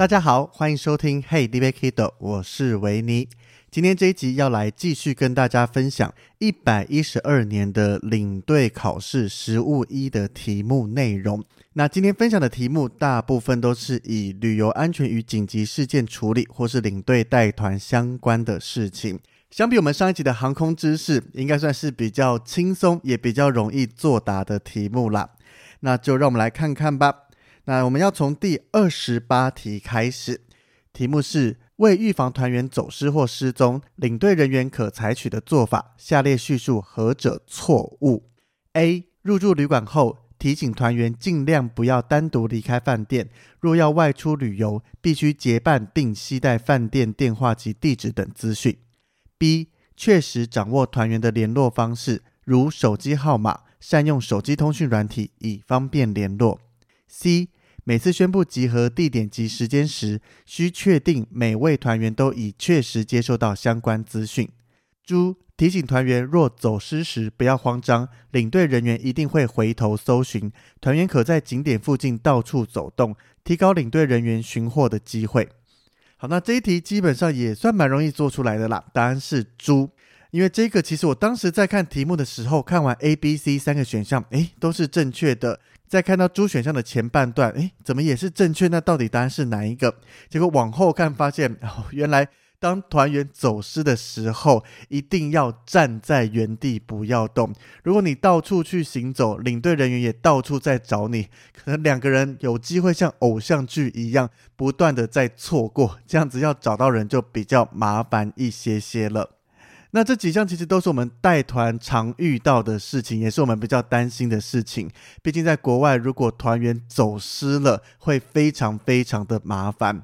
大家好，歡迎收聽 Hey 尼欲去豆，我是維尼。今天這一集要來繼續跟大家分享一百一十二年的領隊考試實務一的題目內容。那今天分享的題目大部分都是以旅游安全與緊急事件處理或是領隊帶團相關的事情。相比我們上一集的航空知識，應該算是比較輕鬆也比較容易作答的題目啦。那就讓我們來看看吧。那我們要從第二十八題開始，題目是：為預防團員走失或失蹤，領隊人員可採取的做法，下列敘述何者錯誤？A. 入住旅館後，提醒團員盡量不要單獨離開飯店，若要外出旅遊，必須結伴並攜帶飯店電話及地址等資訊。B. 確實掌握團員的聯絡方式，如手機號碼，善用手機通訊軟體以方便聯絡。C. 每次宣布集合地點及時間時，需確定每位團員都已確實接收到相關資訊。豬提醒團員，若走失時不要慌張，領隊人員一定會回頭搜尋，團員可在景點附近到處走動，提高領隊人員尋獲的機會。好，那這一題基本上也算蠻容易做出來的啦。答案是豬，因為這個其實我當時在看題目的時候，看完 A、B、C 三個選項，誒，都是正確的。再看到豬選項的前半段，誒，怎麼也是正確？那到底答案是哪一個？結果往後看，發現哦，原來當團員走失的時候，一定要站在原地不要動。如果你到處去行走，領隊人員也到處在找你，可能兩個人有機會像偶像劇一樣，不斷的在錯過，這樣子要找到人就比較麻煩一些些了。那這幾項其實都是我們帶團常遇到的事情，也是我們比較擔心的事情。畢竟在國外，如果團員走失了，會非常非常的麻煩。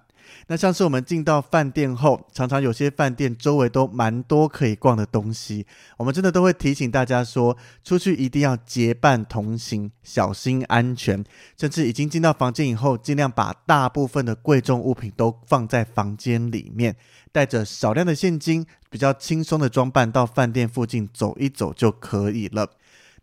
那像是我們進到飯店後，常常有些飯店周圍都蠻多可以逛的東西，我們真的都會提醒大家說，出去一定要結伴同行，小心安全。甚至已經進到房間以後，儘量把大部分的貴重物品都放在房間裡面，帶着少量的現金，比較輕鬆的裝扮到飯店附近走一走就可以了。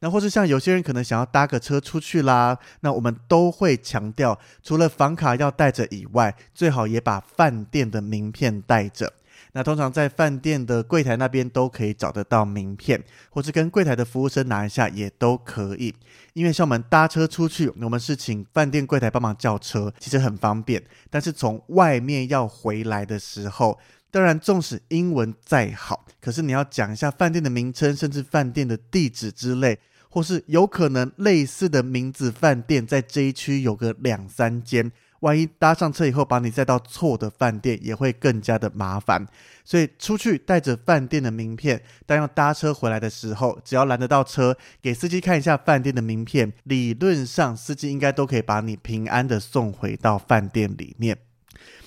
那或是像有些人可能想要搭個車出去啦，那我們都會強調，除了房卡要帶着以外，最好也把飯店的名片帶着。那通常在飯店的櫃檯那邊都可以找得到名片，或是跟櫃檯的服務生拿一下也都可以。因為像我們搭車出去，我們是請飯店櫃檯幫忙叫車，其實很方便。但是從外面要回來的時候，當然縱使英文再好，可是你要講一下飯店的名稱，甚至飯店的地址之類。或是有可能類似的名字飯店，在這一區有個兩三間，萬一搭上車以後把你載到錯的飯店，也會更加的麻煩。所以出去帶着飯店的名片，當要搭車回來的時候，只要攔得到車，給司機看一下飯店的名片，理論上司機應該都可以把你平安的送回到飯店裡面。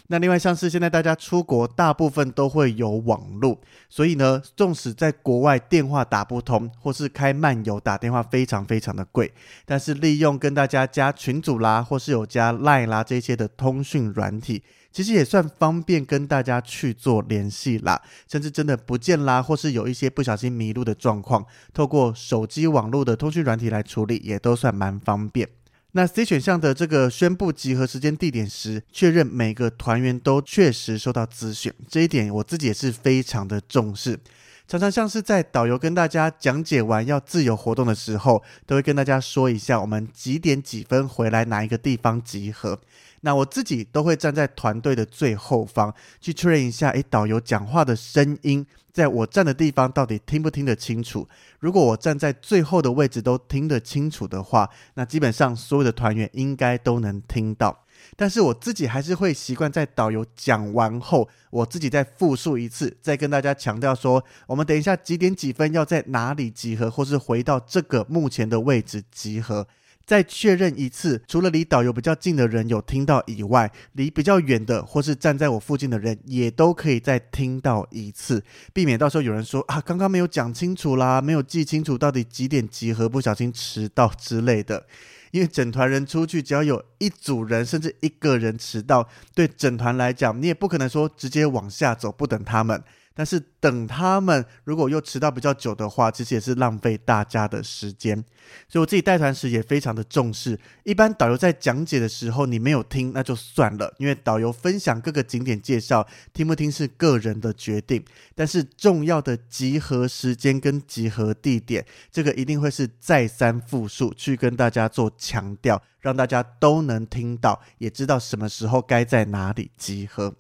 那另外像是現在大家出國，大部分都會有網絡，所以呢，縱使在國外電話打不通，或是開漫遊打電話非常非常的貴，但是利用跟大家加群組啦，或是有加 LINE 啦這些的通訊軟體，其實也算方便跟大家去做聯繫啦，甚至真的不見啦，或是有一些不小心迷路的狀況，透過手機網絡的通訊軟體來處理，也都算蠻方便。那 C 選項的這個宣佈集合時間地點時，確認每個團員都確實收到資訊，這一點我自己也是非常的重視。常常像是在導遊跟大家講解完要自由活動的時候，都會跟大家說一下我們幾點幾分回來哪一個地方集合。那我自己都會站在團隊的最後方去確認一下，誒，導遊講話的聲音在我站的地方到底聽不聽得清楚？如果我站在最後的位置都聽得清楚的話，那基本上所有的團員應該都能聽到。但是我自己還是會習慣在導遊講完後，我自己再複述一次，再跟大家強調說，我們等一下幾點幾分要在哪裡集合，或是回到這個目前的位置集合。再確認一次，除了離導遊比較近的人有聽到以外，離比較遠的或是站在我附近的人也都可以再聽到一次，避免到時候有人說啊，剛剛沒有講清楚啦，沒有記清楚到底幾點集合，不小心遲到之類的。因為整團人出去，只要有一組人甚至一個人遲到，對整團來講，你也不可能說直接往下走不等他們。但是等他們如果又遲到比較久的話，其實也是浪費大家的時間。所以我自己帶團時也非常的重視。一般導遊在講解的時候，你沒有聽那就算了，因為導遊分享各個景點介紹，聽不聽是個人的決定。但是重要的集合時間跟集合地點，這個一定會是再三復述去跟大家做強調，讓大家都能聽到，也知道什麼時候該在哪裡集合。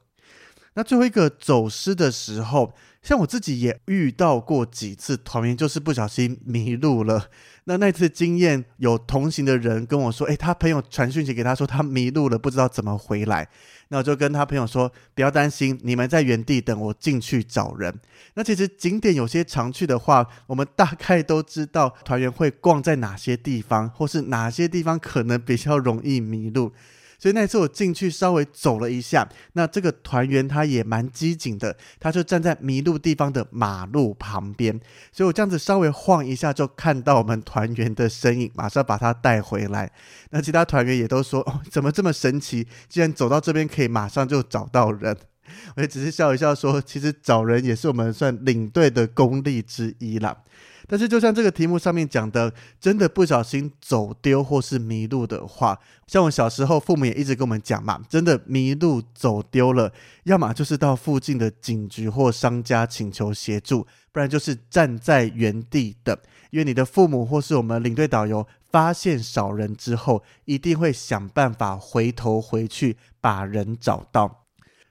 那最後一個走失的時候，像我自己也遇到過幾次團員，就是不小心迷路了。那那次經驗，有同行的人跟我說：“誒，他朋友傳訊息給他說他迷路了，不知道怎麼回來。”那我就跟他朋友說：“不要擔心，你們在原地等我進去找人。”那其實景點有些常去的話，我們大概都知道團員會逛在哪些地方，或是哪些地方可能比較容易迷路。所以那一次我進去稍微走了一下，那這個團員他也蠻機警的，他就站在迷路地方的馬路旁邊，所以我這樣子稍微晃一下就看到我們團員的身影，馬上把他帶回來。那其他團員也都說：“哦，怎麼這麼神奇？既然走到這邊可以馬上就找到人。”我也只是笑一笑說：“其實找人也是我們算領隊的功力之一了。”但是，就像這個題目上面講的，真的不小心走丟或是迷路的話，像我小時候，父母也一直跟我們講嘛，真的迷路走丟了，要麼就是到附近的警局或商家請求協助，不然就是站在原地等，因為你的父母或是我們領隊導遊發現少人之後，一定會想辦法回頭回去把人找到。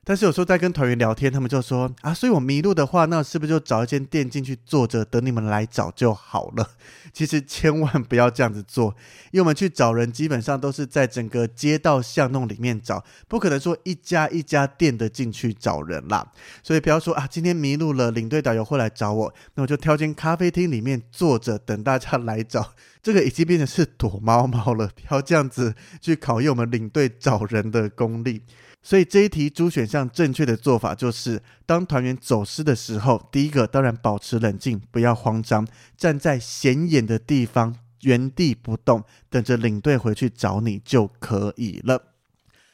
但是有時候在跟團員聊天，他們就說啊，所以我迷路的話，那是不是就找一間店進去坐着，等你們來找就好了？其實千萬不要這樣子做，因為我們去找人基本上都是在整個街道巷弄裡面找，不可能說一家一家店的進去找人啦。所以不要說啊，今天迷路了，領隊導遊會來找我，那我就挑間咖啡廳裡面坐着等大家來找，這個已經變成是躲貓貓了，不要這樣子去考驗我們領隊找人的功力。所以這一題，主選項正確的做法就是，當團員走失的時候，第一個當然保持冷靜，不要慌張，站在顯眼的地方，原地不動，等着領隊回去找你就可以了。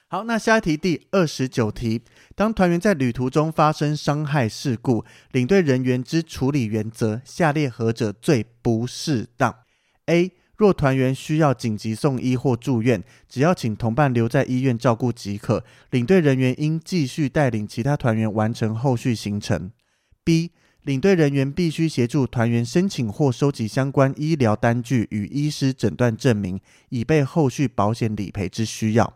好，那下一題，第二十九題，當團員在旅途中發生傷害事故，領隊人員之處理原則，下列何者最不適當？A 若團員需要緊急送醫或住院，只要請同伴留在醫院照顧即可。領隊人員應繼續帶領其他團員完成後續行程。b. 領隊人員必須協助團員申請或收集相關醫療單據與醫師診斷證明，以備後續保險理賠之需要。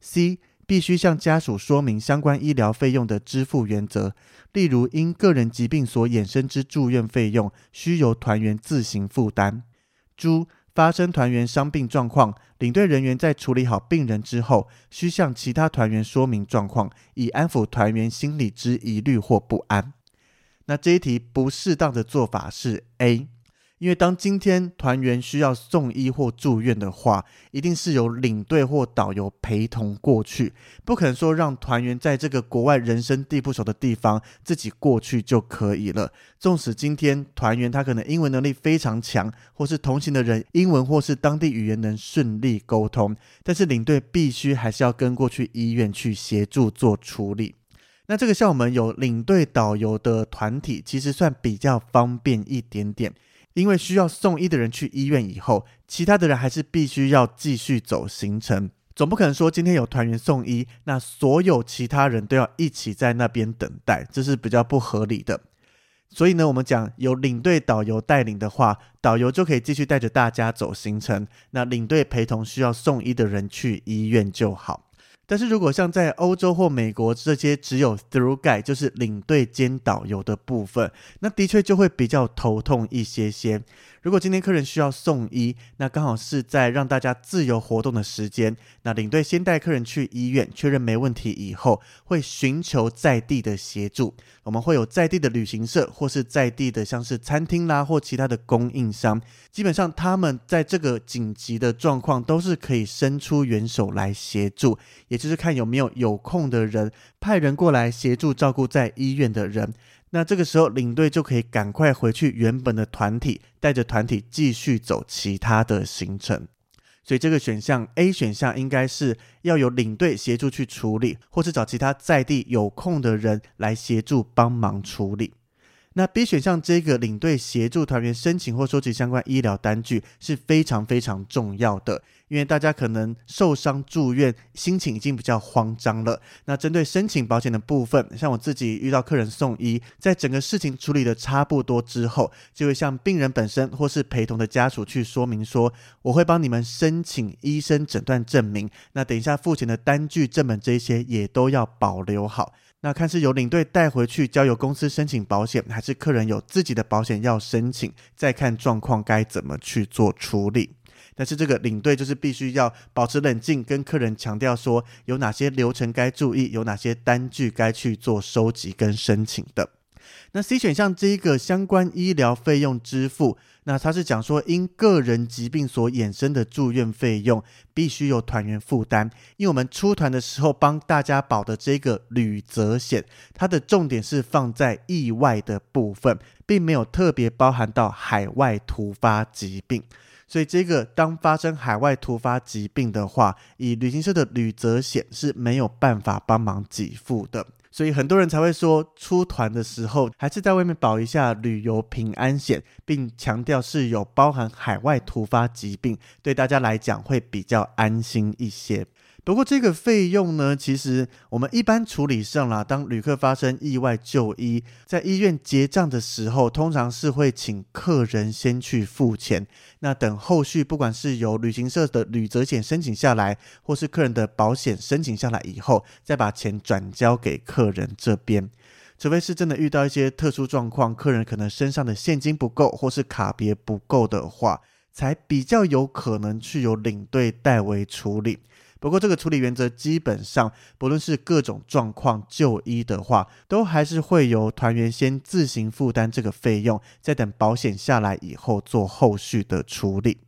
c. 必須向家屬說明相關醫療費用的支付原則，例如因個人疾病所衍生之住院費用需由團員自行負擔。豬。發生團員傷病狀況，領隊人員在處理好病人之後，需向其他團員說明狀況，以安撫團員心理之疑慮或不安。那這一題不適當的做法是 A。因為當今天團員需要送醫或住院的話，一定是由領隊或導遊陪同過去，不可能說讓團員在這個國外人生地不熟的地方自己過去就可以了。縱使今天團員他可能英文能力非常強，或是同行的人英文或是當地語言能順利溝通，但是領隊必須還是要跟過去醫院去協助做處理。那這個像我們有領隊導遊的團體，其實算比較方便一點點。因為需要送醫的人去醫院以後，其他的人還是必須要繼續走行程，總不可能說今天有團員送醫，那所有其他人都要一起在那邊等待，這是比較不合理的。所以呢，我們講有領隊導遊帶領的話，導遊就可以繼續帶着大家走行程，那領隊陪同需要送醫的人去醫院就好。但是如果像在歐洲或美國這些只有 through guide，就是領隊兼導遊的部分，那的確就會比較頭痛一些些。如果今天客人需要送醫，那剛好是在讓大家自由活動的時間，那領隊先帶客人去醫院確認沒問題以後，會尋求在地的協助。我們會有在地的旅行社或是在地的像是餐廳啦或其他的供應商，基本上他們在這個緊急的狀況都是可以伸出援手來協助。也就是看有沒有有空的人，派人過來協助照顧在醫院的人。那這個時候領隊就可以趕快回去原本的團體，帶着團體繼續走其他的行程。所以這個選項 A 選項應該是要由領隊協助去處理，或是找其他在地有空的人來協助幫忙處理。那 B 選項，這個領隊協助團員申請或收集相關醫療單據是非常非常重要的，因為大家可能受傷住院，心情已經比較慌張了。那針對申請保險的部分，像我自己遇到客人送醫，在整個事情處理的差不多之後，就會向病人本身或是陪同的家屬去說明說，我會幫你們申請醫生診斷證明。那等一下付錢的單據、正本這些也都要保留好。那看是由領隊帶回去交由公司申請保險，還是客人有自己的保險要申請，再看狀況該怎麼去做處理。但是這個領隊就是必須要保持冷靜，跟客人強調說有哪些流程該注意，有哪些單據該去做收集跟申請的。那 C 選項這一個相關醫療費用支付。那他是講說，因個人疾病所衍生的住院費用，必須由團員負擔。因為我們出團的時候幫大家保的這個旅責險，它的重點是放在意外的部分，並沒有特別包含到海外突發疾病。所以，這個當發生海外突發疾病的話，以旅行社的旅責險是沒有辦法幫忙給付的。所以，很多人才會說出團的時候，還是在外面保一下旅遊平安險，並強調是有包含海外突發疾病，對大家來講會比較安心一些。不過這個費用呢，其實我們一般處理上啦，當旅客發生意外就醫，在醫院結賬的時候，通常是會請客人先去付錢，那等後續不管是由旅行社的旅責險申請下來，或是客人的保險申請下來以後，再把錢轉交給客人這邊。除非是真的遇到一些特殊狀況，客人可能身上的現金不夠，或是卡別不夠的話，才比較有可能去由領隊代為處理。不過，這個處理原則基本上，不論是各種狀況就醫的話，都還是會由團員先自行負擔這個費用，再等保險下來以後做後續的處理。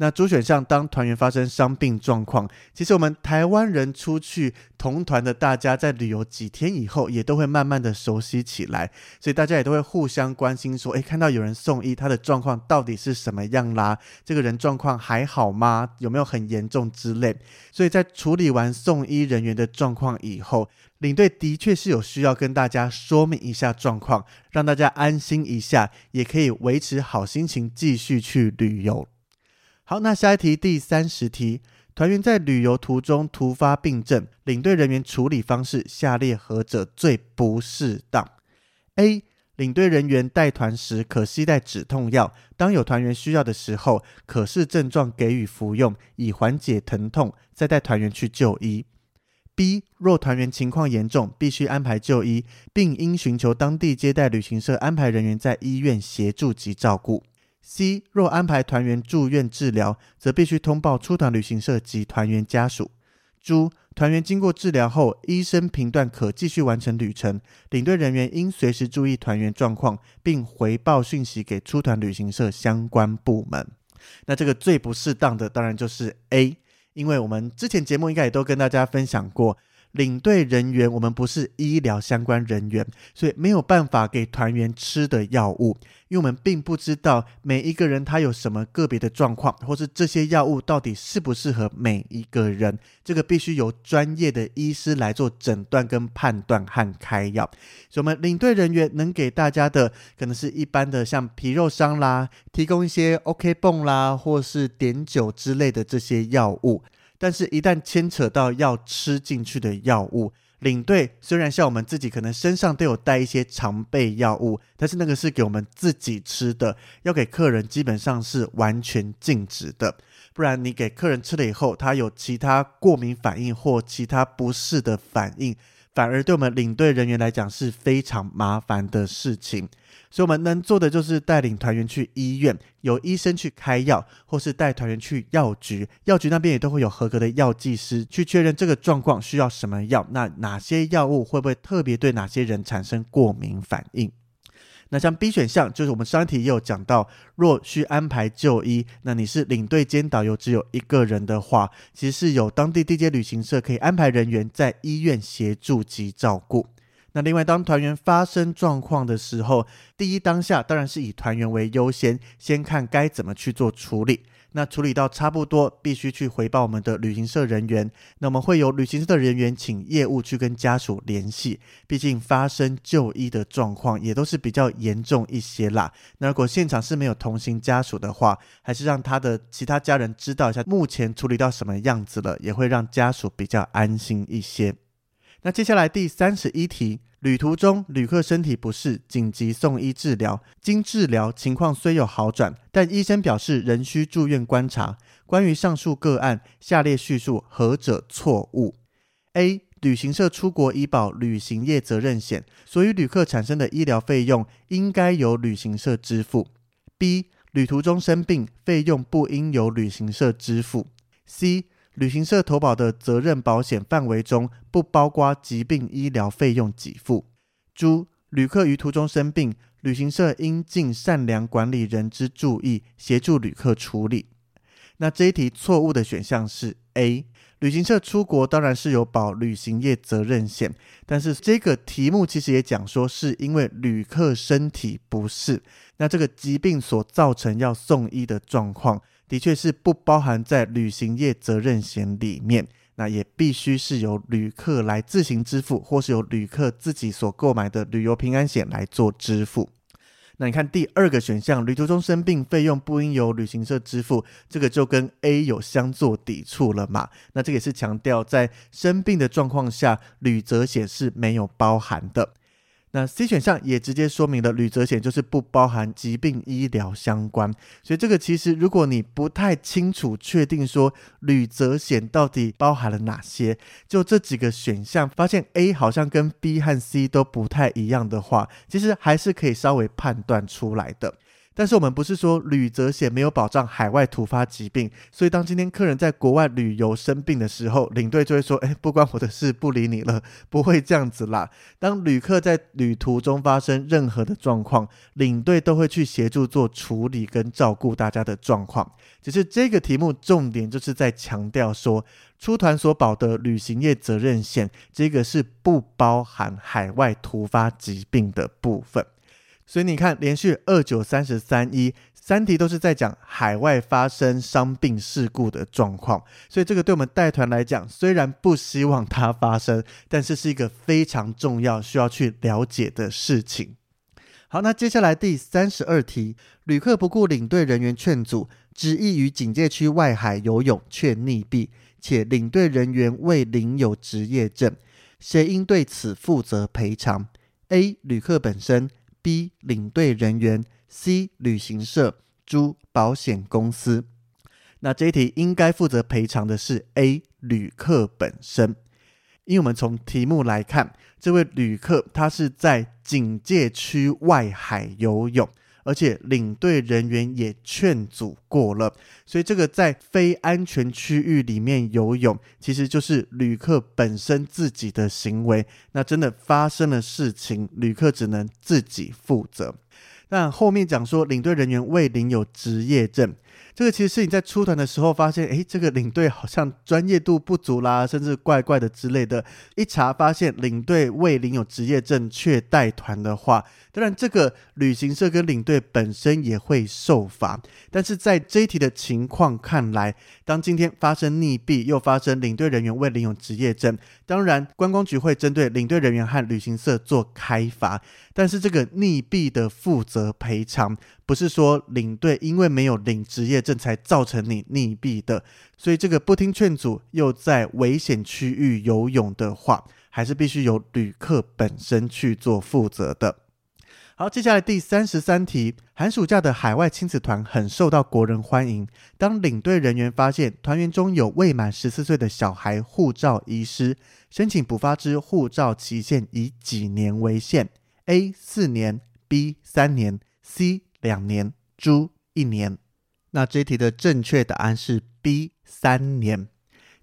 那主選項，當團員發生傷病狀況，其實我們台灣人出去同團的大家在旅遊幾天以後，也都會慢慢的熟悉起來，所以大家也都會互相關心，說：“誒、欸，看到有人送醫，他的狀況到底是什麼樣啦？這個人狀況還好嗎？有沒有很嚴重之類？”所以在處理完送醫人員的狀況以後，領隊的確是有需要跟大家說明一下狀況，讓大家安心一下，也可以維持好心情繼續去旅遊。好，那下一題，第三十題，團員在旅遊途中突发病症，領隊人員處理方式下列何者最不適當？A. 領隊人員帶团時可攜帶止痛藥，當有團員需要的時候，可視症狀給予服用，以緩解疼痛，再帶团員去就醫。B. 若团員情況嚴重，必須安排就醫，并應尋求當地接待旅行社安排人員在醫院協助及照顧。C 若安排團員住院治療，則必須通報出團旅行社及團員家屬。注：團員經過治療後，醫生評斷可繼續完成旅程，領隊人員應隨時注意團員狀況，並回報訊息給出團旅行社相關部門。那這個最不適當的當然就是 A，因為我們之前節目應該也都跟大家分享過。領隊人員，我們不是醫療相關人員，所以沒有辦法給團員吃的藥物，因為我們並不知道每一個人他有什麼個別的狀況，或是這些藥物到底適不適合每一個人，這個必須由專業的醫師來做診斷跟判斷和開藥。所以，我們領隊人員能給大家的，可能是一般的像皮肉傷啦，提供一些 OK 繃啦，或是碘酒之類的這些藥物。但是，一旦牽扯到要吃進去的藥物，領隊雖然像我們自己可能身上都有帶一些常備藥物，但是那個是給我們自己吃的，要給客人基本上是完全禁止的，不然你給客人吃了以後，他有其他過敏反應或其他不適的反應。反而對我們領隊人員來講是非常麻煩的事情，所以我們能做的就是帶領團員去醫院，由醫生去開藥，或是帶團員去藥局，藥局那邊也都會有合格的藥劑師去確認這個狀況需要什麼藥，那哪些藥物會不會特別對哪些人產生過敏反應？那像 B 選項，就是我們上一題也有講到，若需安排就醫，那你是領隊兼導遊只有一個人的話，其實是有當地地接旅行社可以安排人員在醫院協助及照顧。那另外，當團員發生狀況的時候，第一當下當然是以團員為優先，先看該怎麼去做處理。那處理到差不多，必須去回報我們的旅行社人員。那我們會由旅行社的人員請業務去跟家屬聯繫，畢竟發生就醫的狀況也都是比較嚴重一些啦。那如果現場是沒有同行家屬的話，還是讓他的其他家人知道一下目前處理到什麼樣子了，也會讓家屬比較安心一些。那接下來第三十一題。旅途中，旅客身體不適，緊急送醫治療。經治療，情況雖有好轉，但醫生表示仍需住院觀察。關於上述個案，下列敘述何者錯誤？A. 旅行社出國醫保、旅行業責任險，所以旅客產生的醫療費用應該由旅行社支付。B. 旅途中生病，費用不應由旅行社支付。C. 旅行社投保的責任保險範圍中不包括疾病醫療費用給付，如旅客於途中生病，旅行社應盡善良管理人之注意，協助旅客處理。那這一題錯誤的選項是 A。旅行社出國當然是有保旅行業責任險，但是這個題目其實也講說是因為旅客身體不適，那這個疾病所造成要送醫的狀況。的確是不包含在旅行業責任險裡面，那也必須是由旅客來自行支付，或是由旅客自己所購買的旅遊平安險來做支付。那你看第二個選項，旅途中生病費用不應由旅行社支付，這個就跟 A 有相作抵觸了嘛？那這個也是強調在生病的狀況下，旅責險是沒有包含的。那 C 選項也直接說明了，旅責險就是不包含疾病醫療相關，所以這個其實如果你不太清楚、確定說旅責險到底包含了哪些，就這幾個選項，發現 A 好像跟 B 和 C 都不太一樣的話，其實還是可以稍微判斷出來的。但是我們不是說旅責險沒有保障海外突發疾病，所以當今天客人在國外旅遊生病的時候，領隊就會說：“誒，不關我的事，不理你了。”不會這樣子啦。當旅客在旅途中發生任何的狀況，領隊都會去協助做處理跟照顧大家的狀況。只是這個題目重點就是在強調說，出團所保的旅行業責任險，這個是不包含海外突發疾病的部分。所以你看，連續二九三十三一三題都是在講海外發生傷病事故的狀況，所以這個對我們帶團來講，雖然不希望它發生，但是是一個非常重要、需要去了解的事情。好，那接下來第三十二題：旅客不顧領隊人員勸阻，執意於警戒區外海游泳，卻溺斃，且領隊人員未領有執業證，誰應對此負責賠償？A. 旅客本身。B 領隊人員，C 旅行社，租保險公司。那這一題應該負責賠償的是 A 旅客本身，因為我們從題目來看，這位旅客他是在警戒區外海游泳。而且領隊人員也勸阻過了，所以這個在非安全區域裡面游泳，其實就是旅客本身自己的行為。那真的發生了事情，旅客只能自己負責。那後面講說，領隊人員未領有執業證。這個其實是你在出團的時候發現，誒，這個領隊好像專業度不足啦，甚至怪怪的之類的。一查發現領隊未領有執業證卻帶團的話，當然這個旅行社跟領隊本身也會受罰。但是在這一題的情況看來，當今天發生溺斃又發生領隊人員未領有執業證，當然觀光局會針對領隊人員和旅行社做開罰。但是這個溺斃的負責賠償，不是說領隊因為沒有領職業證才造成你溺斃的，所以這個不聽勸阻又在危險區域游泳的話，還是必須由旅客本身去做負責的。好，接下來第三十三題：寒暑假的海外親子團很受到國人歡迎。當領隊人員發現團員中有未滿十四歲的小孩護照遺失，申請補發之護照期限以幾年為限？A. 四年 B. 三年 C. 兩年 D. 一年那這題的正確答案是 B 三年。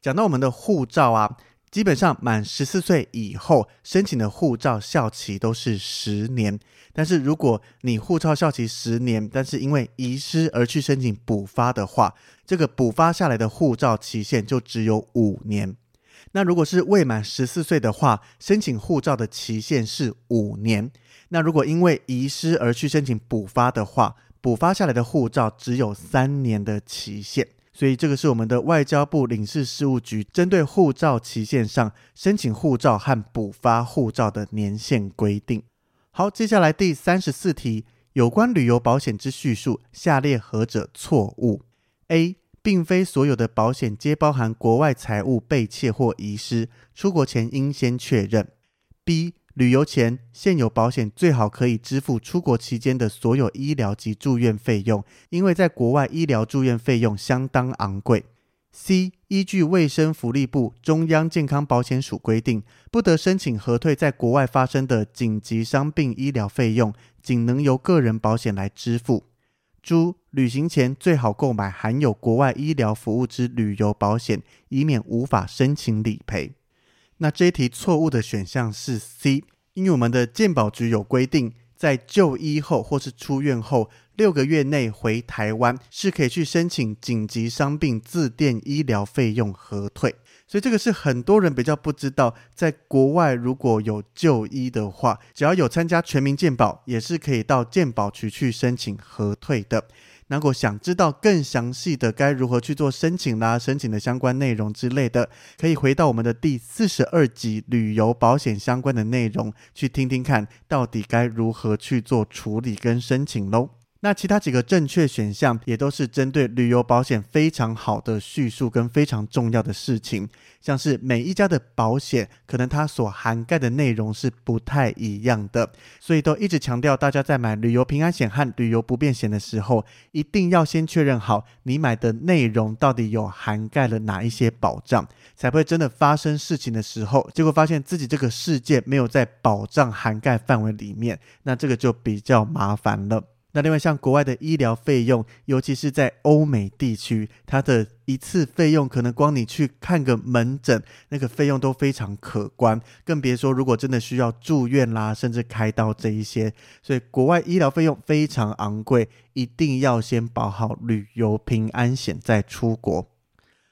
講到我們的護照啊，基本上滿十四歲以後申請的護照效期都是十年。但是如果你護照效期十年，但是因為遺失而去申請補發的話，這個補發下來的護照期限，就只有五年。那如果是未滿十四歲的話，申請護照的期限是五年。那如果因為遺失而去申請補發的話，補發下來的護照只有三年的期限，所以這個是我們的外交部領事事務局針對護照期限上申請護照和補發護照的年限規定。好，接下來第三十四題，有關旅遊保險之敘述，下列何者錯誤？A，並非所有的保險皆包含國外財物被竊或遺失，出國前應先確認。B 旅遊前，現有保險最好可以支付出國期間的所有醫療及住院費用，因為在國外醫療住院費用相當昂貴。C. 依據衛生福利部中央健康保險署規定，不得申請核退在國外發生的緊急傷病醫療費用，僅能由個人保險來支付。D. 旅行前最好購買含有國外醫療服務之旅遊保險，以免無法申請理賠。那這一題錯誤的選項是 C，因為我們的健保局有規定，在就醫後或是出院後六個月內回台灣，是可以去申請緊急傷病自墊醫療費用核退。所以這個是很多人比較不知道，在國外如果有就醫的話，只要有參加全民健保，也是可以到健保局去申請核退的。如果想知道更詳細的該如何去做申請啦，申請的相關內容之類的，可以回到我們的第四十二集旅遊保險相關的內容，去聽聽看到底該如何去做處理跟申請嘍。那其他幾個正確選項也都是針對旅遊保險非常好的敘述跟非常重要的事情，像是每一家的保險可能它所涵蓋的內容是不太一樣的，所以都一直強調大家在買旅遊平安險和旅遊不便險的時候，一定要先確認好你買的內容到底有涵蓋了哪一些保障，才不會真的發生事情的時候，結果發現自己這個世界沒有在保障涵蓋範圍裡面，那這個就比較麻煩了。那另外像國外的醫療費用，尤其是在歐美地區，它的一次費用可能光你去看個門診，那個費用都非常可觀，更別說如果真的需要住院啦，甚至開刀這一些，所以國外醫療費用非常昂貴，一定要先保好旅遊平安險再出國。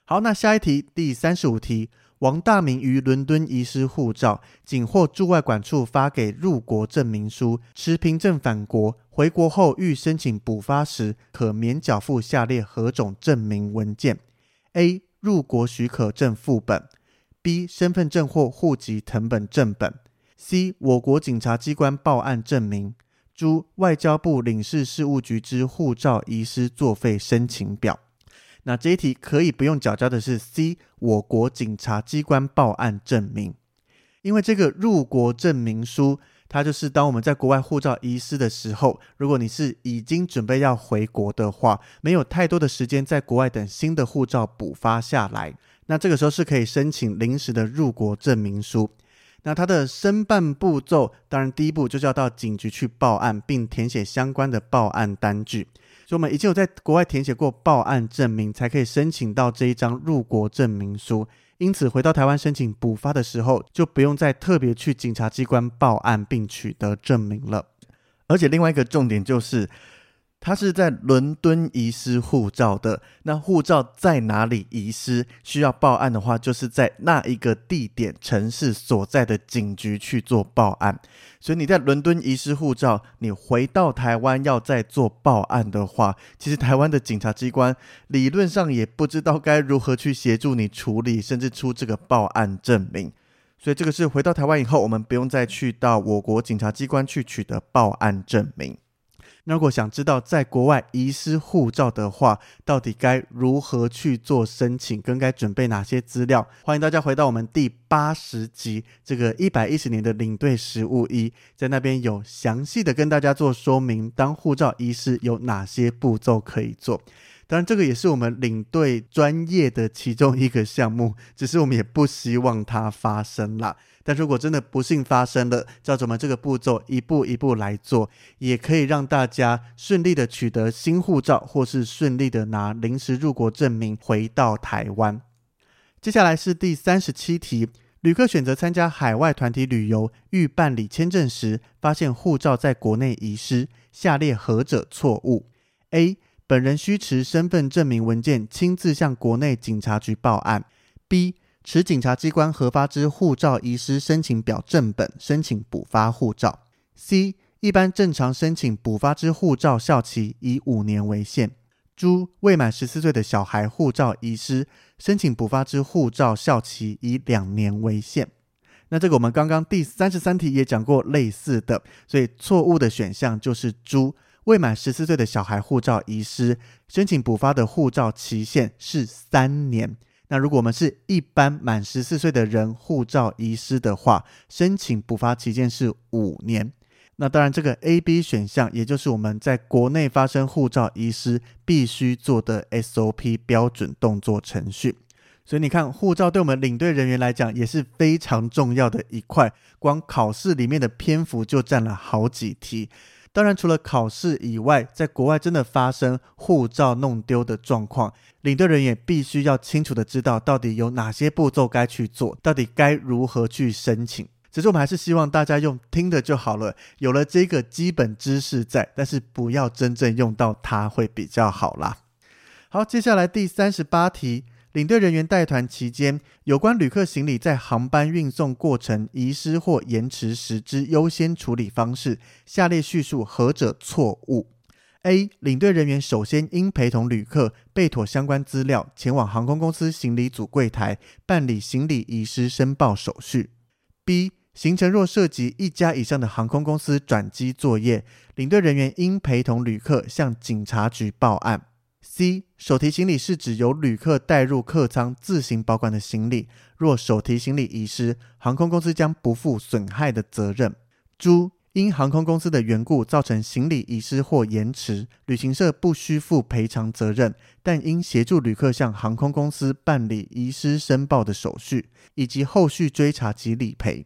好，那下一題，第三十五題。王大明於倫敦遺失護照，僅獲駐外館處發給入國證明書，持憑證返國。回國後欲申請補發時，可免繳附下列何種證明文件？A. 入國許可證副本；B. 身份證或戶籍謄本正本；C. 我國警察機關報案證明；D. 外交部領事事務局之護照遺失作廢申請表。那這一題可以不用繳交的是 C，我國警察機關報案證明。因為這個入國證明書，它就是當我們在國外護照遺失的時候，如果你是已經準備要回國的話，沒有太多的時間在國外等新的護照補發下來，那這個時候是可以申請臨時的入國證明書。那它的申辦步驟，當然第一步就是要到警局去報案，並填寫相關的報案單據。我們已經有在國外填寫過報案證明，才可以申請到這一張入國證明書。因此，回到台灣申請補發的時候，就不用再特別去警察機關報案並取得證明了。而且，另外一個重點就是。他是在倫敦遺失護照的，那護照在哪裡遺失？需要報案的話，就是在那一個地點、城市所在的警局去做報案。所以你在倫敦遺失護照，你回到台灣要再做報案的話，其實台灣的警察機關理論上也不知道該如何去協助你處理，甚至出這個報案證明。所以這個是回到台灣以後，我們不用再去到我國警察機關去取得報案證明。如果想知道在國外遺失護照的話，到底該如何去做申請，跟該準備哪些資料？歡迎大家回到我們第八十集這個一百一十年的領隊實務一，在那邊有詳細的跟大家做說明，當護照遺失有哪些步驟可以做。當然，這個也是我們領隊專業的其中一個項目，只是我們也不希望它發生啦。但如果真的不幸發生了，照着我們這個步驟一步一步來做，也可以讓大家順利的取得新護照，或是順利的拿臨時入國證明回到台灣。接下來是第三十七題：旅客選擇參加海外團體旅遊，欲辦理簽證時，發現護照在國內遺失，下列何者錯誤？A. 本人需持身份證明文件親自向國內警察局報案。B. 持警察機關核發之護照遺失申請表正本，申請補發護照。C 一般正常申請補發之護照效期以五年為限。豬未滿十四歲的小孩護照遺失申請補發之護照效期以兩年為限。那這個我們剛剛第三十三題也講過類似的，所以錯誤的選項就是豬未滿十四歲的小孩護照遺失申請補發的護照期限是三年。那如果我們是一般滿十四歲的人，護照遺失的話，申請補發期間是五年。那當然，這個 A、B 選項，也就是我們在國內發生護照遺失必須做的 SOP 標準動作程序。所以你看，護照對我們領隊人員來講也是非常重要的一塊，光考試裡面的篇幅就佔了好幾題。當然，除了考試以外，在國外真的發生護照弄丟的狀況，領隊人員也必須要清楚的知道到底有哪些步驟該去做，到底該如何去申請。其實我們還是希望大家用聽的就好了，有了這個基本知識在，但是不要真正用到它會比較好啦。好，接下來第三十八題。領隊人員帶團期間，有關旅客行李在航班運送過程遺失或延遲時之優先處理方式，下列敘述何者錯誤？A. 領隊人員首先應陪同旅客備妥相關資料，前往航空公司行李組櫃台辦理行李遺失申報手續。B. 行程若涉及一家以上的航空公司轉機作業，領隊人員應陪同旅客向警察局報案。C 手提行李是指由旅客帶入客艙自行保管的行李。若手提行李遺失，航空公司將不負損害的責任。D，因航空公司的緣故造成行李遺失或延遲，旅行社不需負賠償責任，但應協助旅客向航空公司辦理遺失申報的手續以及後續追查及理賠。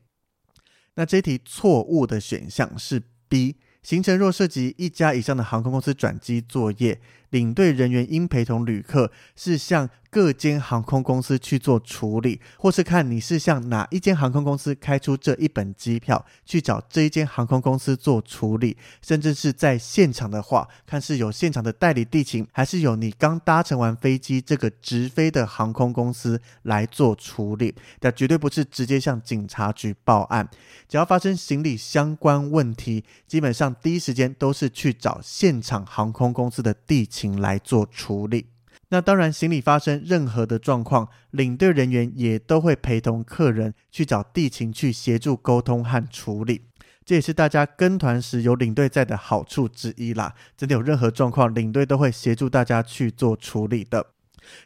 那這題錯誤的選項是 B。行程若涉及一家以上的航空公司轉機作業。領隊人員應陪同旅客，是向各間航空公司去做處理，或是看你是向哪一間航空公司開出這一本機票，去找這一間航空公司做處理，甚至是在現場的話，看是有現場的代理地勤，還是有你剛搭乘完飛機這個直飛的航空公司來做處理，但絕對不是直接向警察局報案。只要發生行李相關問題，基本上第一時間都是去找現場航空公司的地勤。情來做處理。那當然，行李發生任何的狀況，領隊人員也都會陪同客人去找地勤去協助溝通和處理。這也是大家跟團時有領隊在的好處之一啦。真的有任何狀況，領隊都會協助大家去做處理的。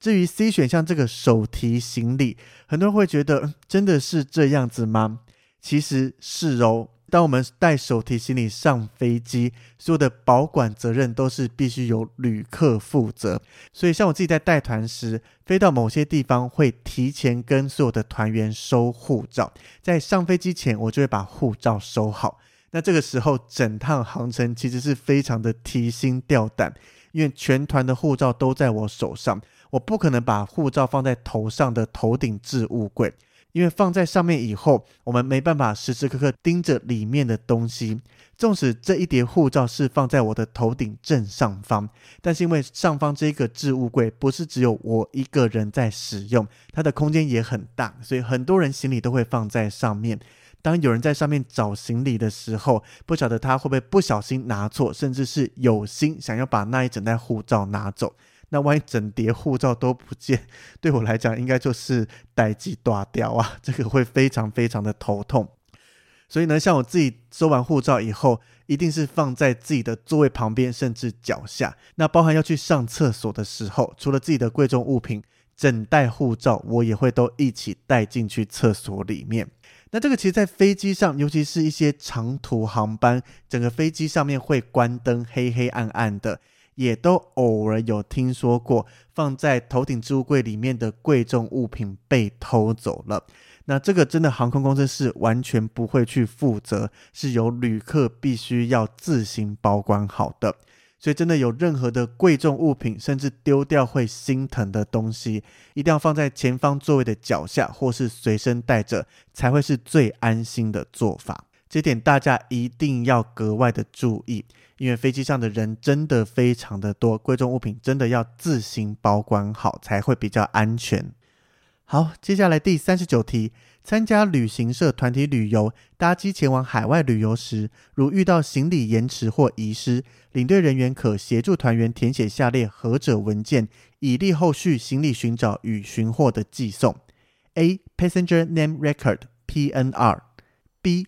至於 C 選項這個手提行李，很多人會覺得，嗯，真的是這樣子嗎？其實是哦。當我們帶手提行李上飛機，所有的保管責任都是必須由旅客負責。所以，像我自己在帶團時，飛到某些地方會提前跟所有的團員收護照，在上飛機前，我就會把護照收好。那這個時候，整趟航程其實是非常的提心吊膽，因為全團的護照都在我手上，我不可能把護照放在頭上的頭頂置物櫃。因為放在上面以後，我們沒辦法時時刻刻盯着裡面的東西。縱使這一疊護照是放在我的頭頂正上方，但是因為上方這個置物櫃不是只有我一個人在使用，它的空間也很大，所以很多人行李都會放在上面。當有人在上面找行李的時候，不曉得他會不會不小心拿錯，甚至是有心想要把那一整袋護照拿走。那萬一整疊護照都不見，對我來講應該就是待機斷掉啊，這個會非常非常的頭痛。所以呢，像我自己收完護照以後，一定是放在自己的座位旁邊，甚至腳下。那包含要去上廁所的時候，除了自己的貴重物品，整袋護照我也會都一起帶進去廁所裡面。那這個其實，在飛機上，尤其是一些長途航班，整個飛機上面會關燈，黑黑暗暗的。也都偶爾有聽說過放在頭頂置物櫃裡面的貴重物品被偷走了，那這個真的航空公司是完全不會去負責，是由旅客必須要自行保管好的。所以真的有任何的貴重物品，甚至丟掉會心疼的東西，一定要放在前方座位的腳下或是隨身帶着，才會是最安心的做法。這點大家一定要格外的注意，因為飛機上的人真的非常的多，貴重物品真的要自行保管好才會比較安全。好，接下來第三十九題：參加旅行社團體旅遊搭機前往海外旅遊時，如遇到行李延遲或遺失，領隊人員可協助團員填寫下列何者文件，以利後續行李尋找與尋獲的寄送？A. Passenger Name Record (PNR) B.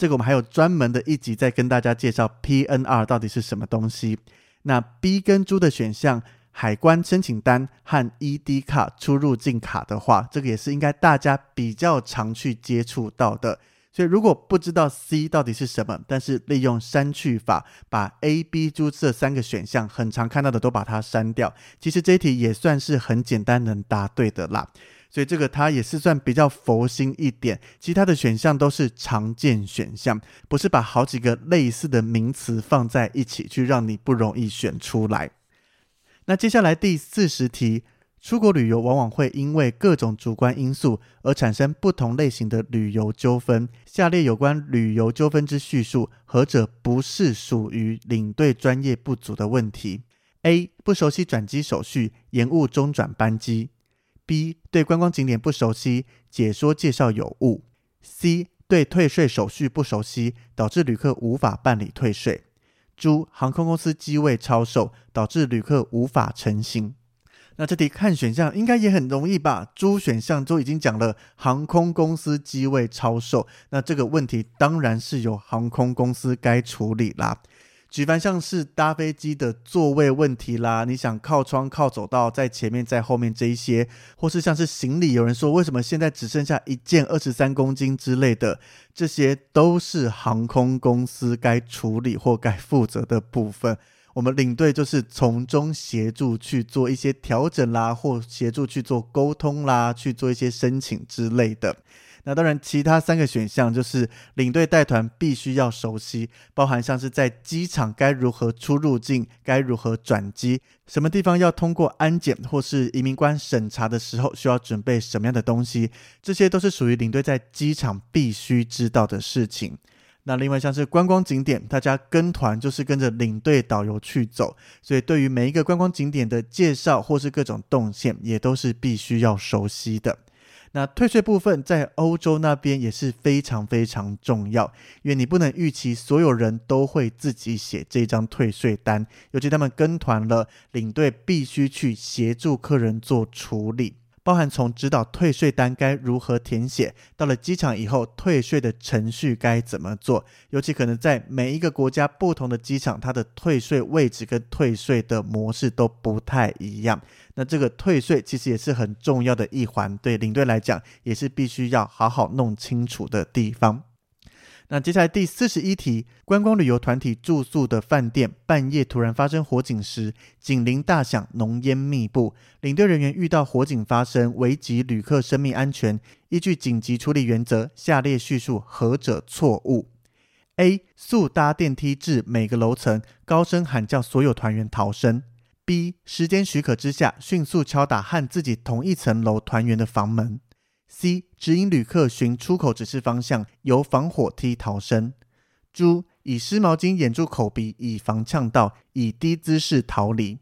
這個我們還有專門的一集在跟大家介紹 PNR 到底是什麼東西。那 B 跟豬的選項，海關申請單和 ED 卡出入境卡的話，這個也是應該大家比較常去接觸到的。所以如果不知道 C 到底是什麼，但是利用刪去法，把 A、B、豬這三個選項很常看到的都把它刪掉，其實這一題也算是很簡單能答對的啦。所以這個它也是算比較佛心一點，其他的選項都是常見選項，不是把好幾個類似的名詞放在一起去讓你不容易選出來。那接下來第四十題，出國旅遊往往會因為各種主觀因素而產生不同類型的旅遊糾紛。下列有關旅遊糾紛之敘述，何者不是屬於領隊專業不足的問題？A. 不熟悉轉機手續，延誤中轉班機。B 對觀光景點不熟悉，解說介紹有誤。C 對退稅手續不熟悉，導致旅客無法辦理退稅。D 航空公司機位超售，導致旅客無法成行。那這題看選項應該也很容易吧？D 選項就已經講了，航空公司機位超售，那這個問題當然是由航空公司該處理啦。舉凡像是搭飛機的座位問題啦，你想靠窗、靠走道，在前面、在後面這一些，或是像是行李，有人說為什麼現在只剩下一件23公斤之類的，這些都是航空公司該處理或該負責的部分。我們領隊就是從中協助去做一些調整啦，或協助去做溝通啦，去做一些申請之類的。那當然，其他三個選項就是領隊帶團必須要熟悉，包含像是在機場該如何出入境、該如何轉機、什麼地方要通過安檢或是移民官審查的時候需要準備什麼樣的東西，這些都是屬於領隊在機場必須知道的事情。那另外像是觀光景點，大家跟團就是跟着領隊導遊去走，所以對於每一個觀光景點的介紹或是各種動線，也都是必須要熟悉的。那退稅部分在歐洲那邊也是非常非常重要，因為你不能預期所有人都會自己寫這張退稅單，尤其他們跟團了，領隊必須去協助客人做處理。包含從指導退稅單該如何填寫，到了機場以後退稅的程序該怎麼做，尤其可能在每一個國家不同的機場，它的退稅位置跟退稅的模式都不太一樣。那這個退稅其實也是很重要的一環，對領隊來講也是必須要好好弄清楚的地方。那接下來第四十一題，觀光旅遊團體住宿的飯店半夜突然發生火警時，警鈴大響，濃煙密布。領隊人員遇到火警發生，危及旅客生命安全，依據緊急處理原則，下列敘述何者錯誤？A. 速搭電梯至每個樓層，高聲喊叫所有團員逃生。B. 時間許可之下，迅速敲打和自己同一層樓團員的房門。C 指引旅客循出口指示方向，由防火梯逃生。D，以濕毛巾掩住口鼻，以防嗆到，以低姿勢逃離。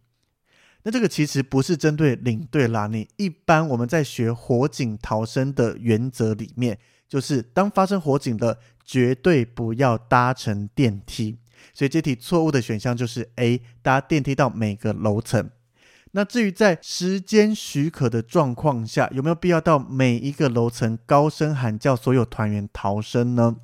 那這個其實不是針對領隊啦，你一般我們在學火警逃生的原則裡面，就是當發生火警了，絕對不要搭乘電梯。所以這題錯誤的選項就是 A，搭電梯到每個樓層。那至於在時間許可的狀況下，有沒有必要到每一個樓層高聲喊叫所有團員逃生呢？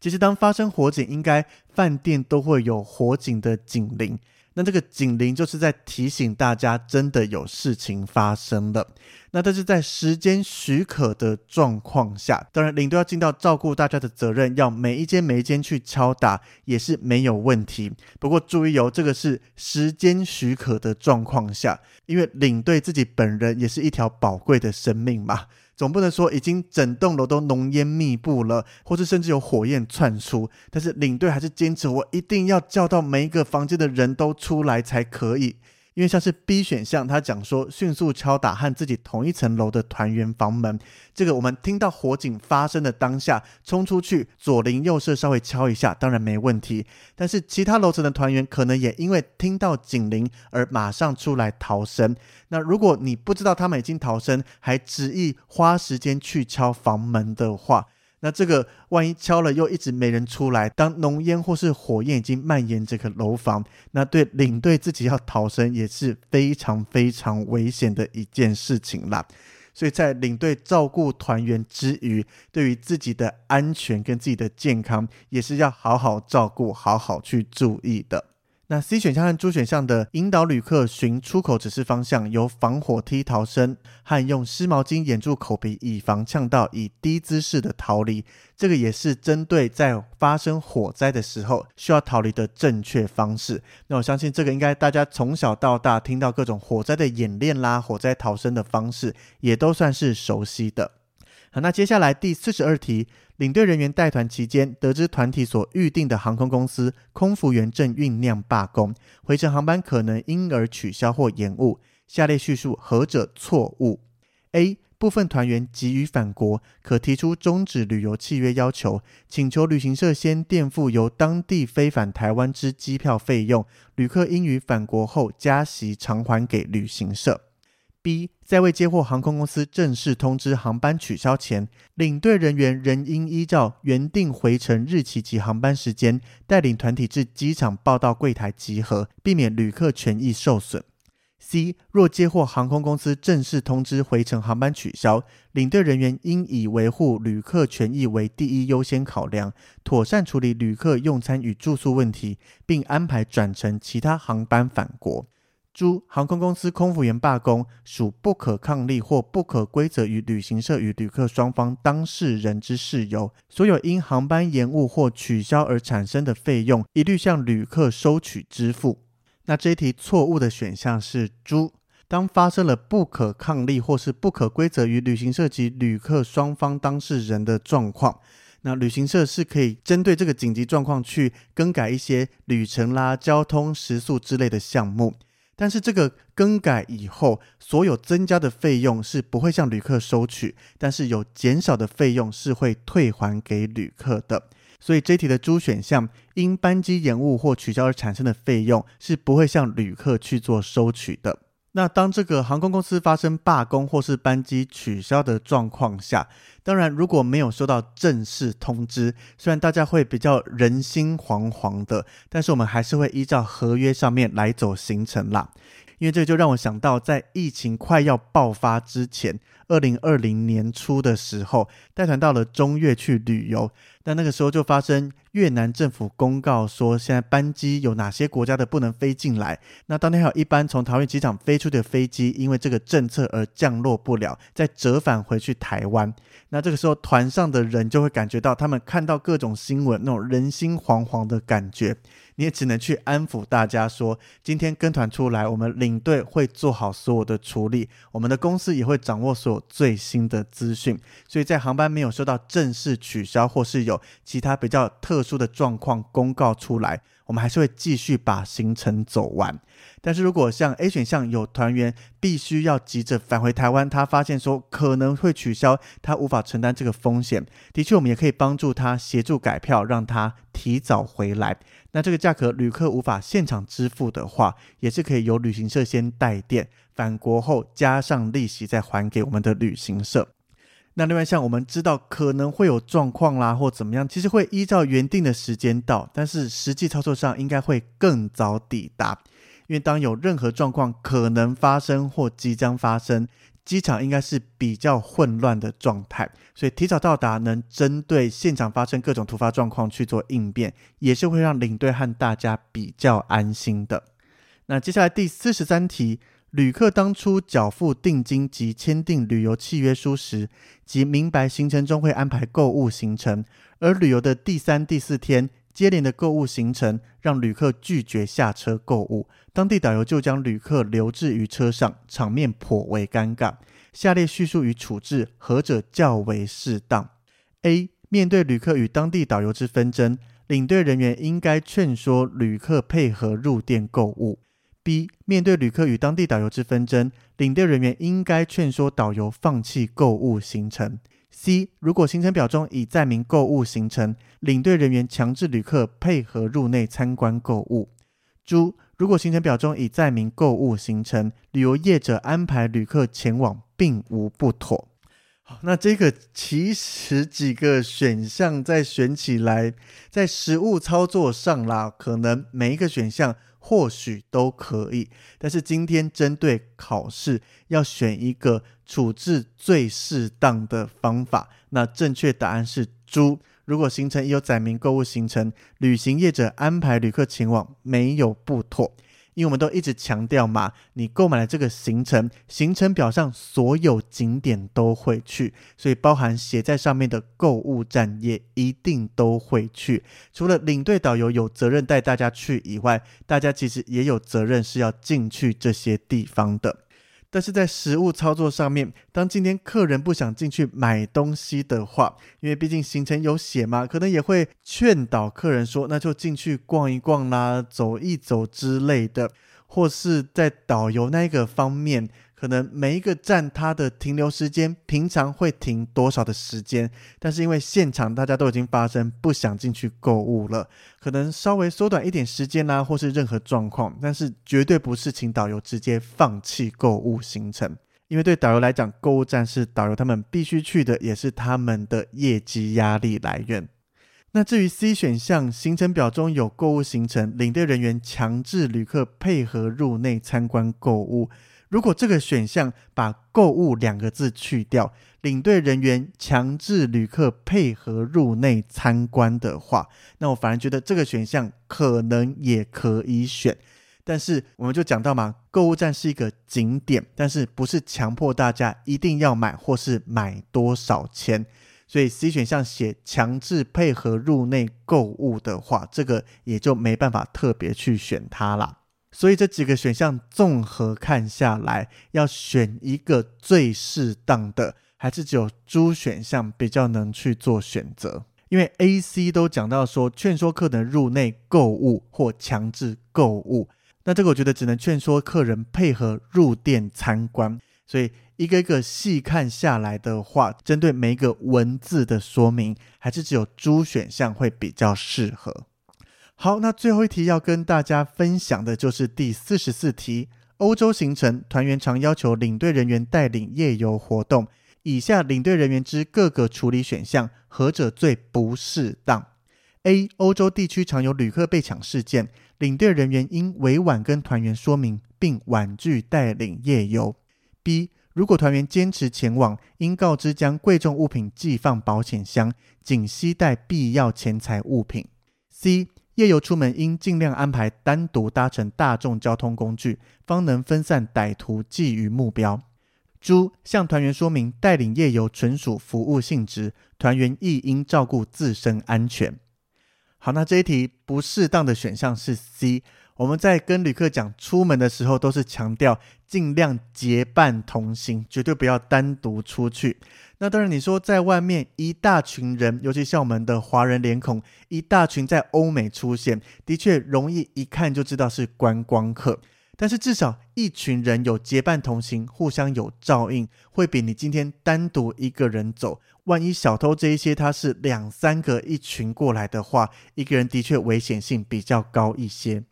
其實，當發生火警，應該飯店都會有火警的警鈴。那這個警鈴就是在提醒大家，真的有事情發生了。那但是在時間許可的狀況下，當然領隊要盡到照顧大家的責任，要每一間每一間去敲打也是沒有問題。不過注意哦，這個是時間許可的狀況下，因為領隊自己本人也是一條寶貴的生命嘛。總不能說已經整棟樓都濃煙密布了，或是甚至有火焰竄出，但是領隊還是堅持我一定要叫到每一個房間的人都出來才可以。因為像是 B 選項，他講說迅速敲打和自己同一層樓的團員房門，這個我們聽到火警發生的當下衝出去，左鄰右舍稍微敲一下，當然沒問題。但是其他樓層的團員可能也因為聽到警鈴而馬上出來逃生，那如果你不知道他們已經逃生，還執意花時間去敲房門的話。那這個萬一敲了又一直沒人出來，當濃煙或是火焰已經蔓延這個樓房，那對領隊自己要逃生也是非常非常危險的一件事情啦。所以在領隊照顧團員之餘，對於自己的安全跟自己的健康，也是要好好照顧、好好去注意的。那 C 選項和 D 選項的引導旅客尋出口指示方向，由防火梯逃生，和用濕毛巾掩住口鼻以防嗆到，以低姿勢的逃離，這個也是針對在發生火災的時候需要逃離的正確方式。那我相信這個應該大家從小到大聽到各種火災的演練啦，火災逃生的方式也都算是熟悉的。好，那接下來第四十二題，領隊人員帶團期間，得知團體所預定的航空公司空服員正醞釀罷工，回程航班可能因而取消或延誤。下列敘述何者錯誤？A. 部分團員急於返國，可提出終止旅遊契約要求，請求旅行社先墊付由當地飛返台灣之機票費用，旅客應於返國後加息償還給旅行社。B. 在未接獲航空公司正式通知航班取消前，領隊人員仍應依照原定回程日期及航班時間，帶領團體至機場報到櫃檯集合，避免旅客權益受損。C 若接獲航空公司正式通知回程航班取消，領隊人員應以維護旅客權益為第一優先考量，妥善處理旅客用餐與住宿問題，並安排轉乘其他航班返國。諸航空公司空服員罷工屬不可抗力或不可歸責於旅行社與旅客雙方當事人之事由，所有因航班延誤或取消而產生的費用，一律向旅客收取支付。那這一題錯誤的選項是諸。當發生了不可抗力或是不可歸責於旅行社及旅客雙方當事人的狀況，那旅行社是可以針對這個緊急狀況去更改一些旅程啦、交通、食宿之類的項目。但是這個更改以後，所有增加的費用是不會向旅客收取，但是有減少的費用是會退還給旅客的。所以這一題的諸選項，因班機延誤或取消而產生的費用是不會向旅客去做收取的。那當這個航空公司發生罷工或是班機取消的狀況下，當然如果沒有收到正式通知，雖然大家會比較人心惶惶的，但是我們還是會依照合約上面來走行程啦。因為這就讓我想到，在疫情快要爆發之前，二零二零年初的時候，帶團到了中越去旅遊，但那個時候就發生越南政府公告說，現在班機有哪些國家的不能飛進來。那當天還有一班從桃園機場飛出的飛機，因為這個政策而降落不了，再折返回去台灣。那這個時候團上的人就會感覺到，他們看到各種新聞那種人心惶惶的感覺，你也只能去安撫大家說，今天跟團出來，我們領隊會做好所有的處理，我們的公司也會掌握所。最新的資訊，所以在航班沒有收到正式取消或是有其他比較特殊的狀況公告出來，我們還是會繼續把行程走完。但是如果像 A 選項有團員必須要急着返回台灣，他發現說可能會取消，他無法承擔這個風險。的確，我們也可以幫助他協助改票，讓他提早回來。那這個價格旅客無法現場支付的話，也是可以由旅行社先代墊。返國後加上利息再還給我們的旅行社。那另外像我們知道可能會有狀況啦，或怎麼樣，其實會依照原定的時間到，但是實際操作上應該會更早抵達。因為當有任何狀況可能發生或即將發生，機場應該是比較混亂的狀態，所以提早到達能針對現場發生各種突發狀況去做應變，也是會讓領隊和大家比較安心的。那接下來第四十三題。旅客當初繳付訂金及簽訂旅遊契約書時，即明白行程中會安排購物行程，而旅遊的第三、第四天接連的購物行程，讓旅客拒絕下車購物，當地導遊就將旅客留置於車上，場面頗為尷尬。下列敘述與處置何者較為適當？A. 面對旅客與當地導遊之紛爭，領隊人員應該勸說旅客配合入店購物。B. 面對旅客與當地導遊之紛爭，領隊人員應該勸說導遊放棄購物行程。C. 如果行程表中已載明購物行程，領隊人員強制旅客配合入內參觀購物。D. 如果行程表中已載明購物行程，旅遊業者安排旅客前往並無不妥。好，那這個其實幾個選項再選起來，在實務操作上啦，可能每一個選項。或許都可以，但是今天針對考試要選一個處置最適當的方法。那正確答案是豬。如果行程已有載明購物行程，旅行業者安排旅客前往，沒有不妥。因為我們都一直強調嘛，你購買了這個行程，行程表上所有景點都會去，所以包含寫在上面的購物站也一定都會去。除了領隊導遊有責任帶大家去以外，大家其實也有責任是要進去這些地方的。但是在實務操作上面，當今天客人不想進去買東西的話，因為畢竟行程有寫嘛，可能也會勸導客人說，那就進去逛一逛啦，走一走之類的，或是在導遊那個方面。可能每一個站它的停留時間，平常會停多少的時間，但是因為現場大家都已經發生不想進去購物了，可能稍微縮短一點時間啦、啊，或是任何狀況，但是絕對不是請導遊直接放棄購物行程，因為對導遊來講，購物站是導遊他們必須去的，也是他們的業績壓力來源。那至於 C 選項，行程表中有購物行程，領隊人員強制旅客配合入內參觀購物。如果這個選項把“購物”兩個字去掉，領隊人員強制旅客配合入內參觀的話，那我反而覺得這個選項可能也可以選。但是我們就講到嘛，購物站是一個景點，但是不是強迫大家一定要買或是買多少錢，所以 C 選項寫“強制配合入內購物”的話，這個也就沒辦法特別去選它了。所以這幾個選項綜合看下來，要選一個最適當的，還是只有 D 選項比較能去做選擇。因為 A、C 都講到說勸說客人入內購物或強制購物，那這個我覺得只能勸說客人配合入店參觀。所以一個一個細看下來的話，針對每一個文字的說明，還是只有 D 選項會比較適合。好，那最後一題要跟大家分享的就是第四十四題。歐洲行程，團員常要求領隊人員帶領夜遊活動，以下領隊人員之各個處理選項何者最不適當？A. 歐洲地區常有旅客被搶事件，領隊人員應委婉跟團員說明，並婉拒帶領夜遊。B. 如果團員堅持前往，應告知將貴重物品寄放保險箱，僅攜帶必要錢財物品。C. 夜遊出門應盡量安排單獨搭乘大眾交通工具，方能分散歹徒覬覦目標。朱向團員說明，帶領夜遊純屬服務性質，團員亦應照顧自身安全。好，那這一題不適當的選項是 C。我們在跟旅客講出門的時候，都是強調儘量結伴同行，絕對不要單獨出去。那當然，你說在外面一大群人，尤其像我們的華人臉孔，一大群在歐美出現，的確容易一看就知道是觀光客。但是至少一群人有結伴同行，互相有照應，會比你今天單獨一個人走，萬一小偷這一些他是兩三個一群過來的話，一個人的確危險性比較高一些。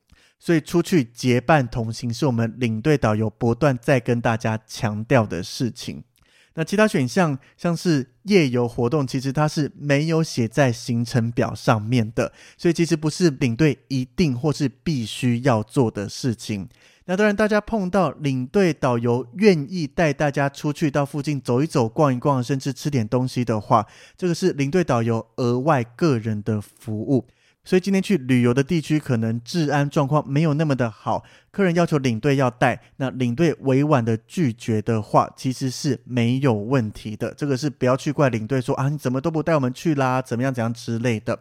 所以出去結伴同行是我們領隊導遊不斷在跟大家強調的事情。那其他選項像是夜遊活動，其實它是沒有寫在行程表上面的，所以其實不是領隊一定或是必須要做的事情。那當然，大家碰到領隊導遊願意帶大家出去到附近走一走、逛一逛，甚至吃點東西的話，這個是領隊導遊額外個人的服務。所以今天去旅遊的地區，可能治安狀況沒有那麼的好，客人要求領隊要帶，那領隊委婉的拒絕的話，其實是沒有問題的。這個是不要去怪領隊說啊，你怎麼都不帶我們去啦？怎麼樣怎樣之類的。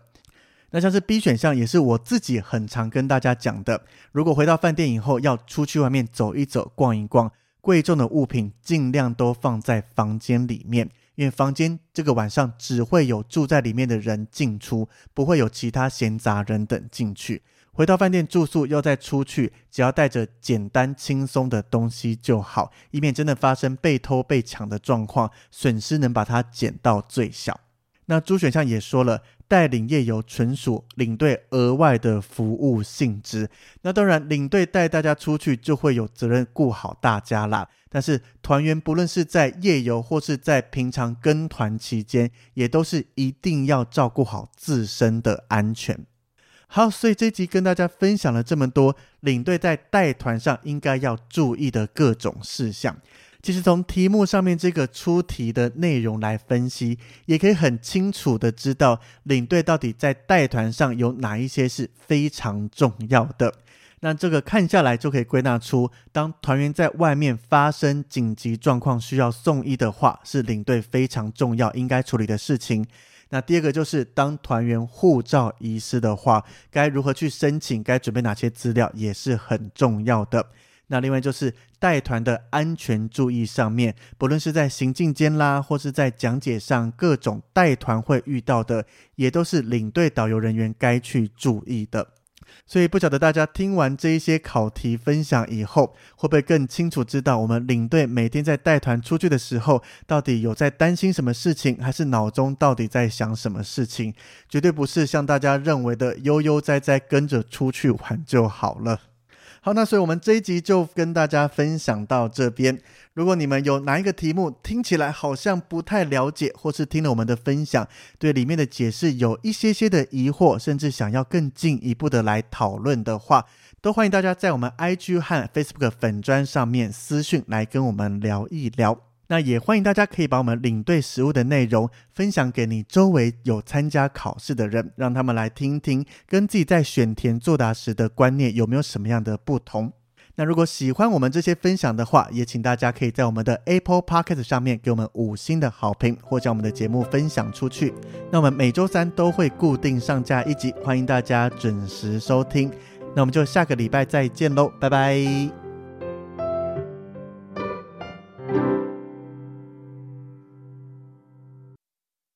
那像是 B 選項，也是我自己很常跟大家講的。如果回到飯店以後，要出去外面走一走、逛一逛，貴重的物品盡量都放在房間裡面。因為房間這個晚上只會有住在裡面的人進出，不會有其他閒雜人等進去。回到飯店住宿，要再出去，只要帶着簡單輕鬆的東西就好，以免真的發生被偷被搶的狀況，損失能把它減到最小。那朱選項也說了。帶領夜遊純屬領隊額外的服務性質，那當然領隊帶大家出去就會有責任顧好大家啦。但是團員不論是在夜遊或是在平常跟團期間，也都是一定要照顧好自身的安全。好，所以這集跟大家分享了這麼多領隊在帶團上應該要注意的各種事項。其實從題目上面這個出題的內容來分析，也可以很清楚的知道領隊到底在帶團上有哪一些是非常重要的。那這個看下來就可以歸納出，當團員在外面發生緊急狀況需要送醫的話，是領隊非常重要應該處理的事情。那第二個就是當團員護照遺失的話，該如何去申請，該準備哪些資料，也是很重要的。那另外就是帶團的安全注意上面，不論是在行進間啦，或是在講解上，各種帶團會遇到的，也都是領隊導遊人員該去注意的。所以不曉得大家聽完這一些考題分享以後，會不會更清楚知道我們領隊每天在帶團出去的時候，到底有在擔心什麼事情，還是腦中到底在想什麼事情？絕對不是像大家認為的悠悠哉哉跟着出去玩就好了。好，那所以我們這一集就跟大家分享到這邊。如果你們有哪一個題目聽起來好像不太了解，或是聽了我們的分享，對裡面的解釋有一些些的疑惑，甚至想要更進一步的來討論的話，都歡迎大家在我們 IG 和 Facebook 粉專上面私訊來跟我們聊一聊。那也歡迎大家可以把我們領隊實務的內容分享給你周圍有參加考試的人，讓他們來聽聽，跟自己在選填作答時的觀念有沒有什麼樣的不同。那如果喜歡我們這些分享的話，也請大家可以在我們的 Apple Podcast 上面給我們五星的好評，或將我們的節目分享出去。那我們每周三都會固定上架一集，歡迎大家準時收聽。那我們就下個禮拜再見嘍，拜拜。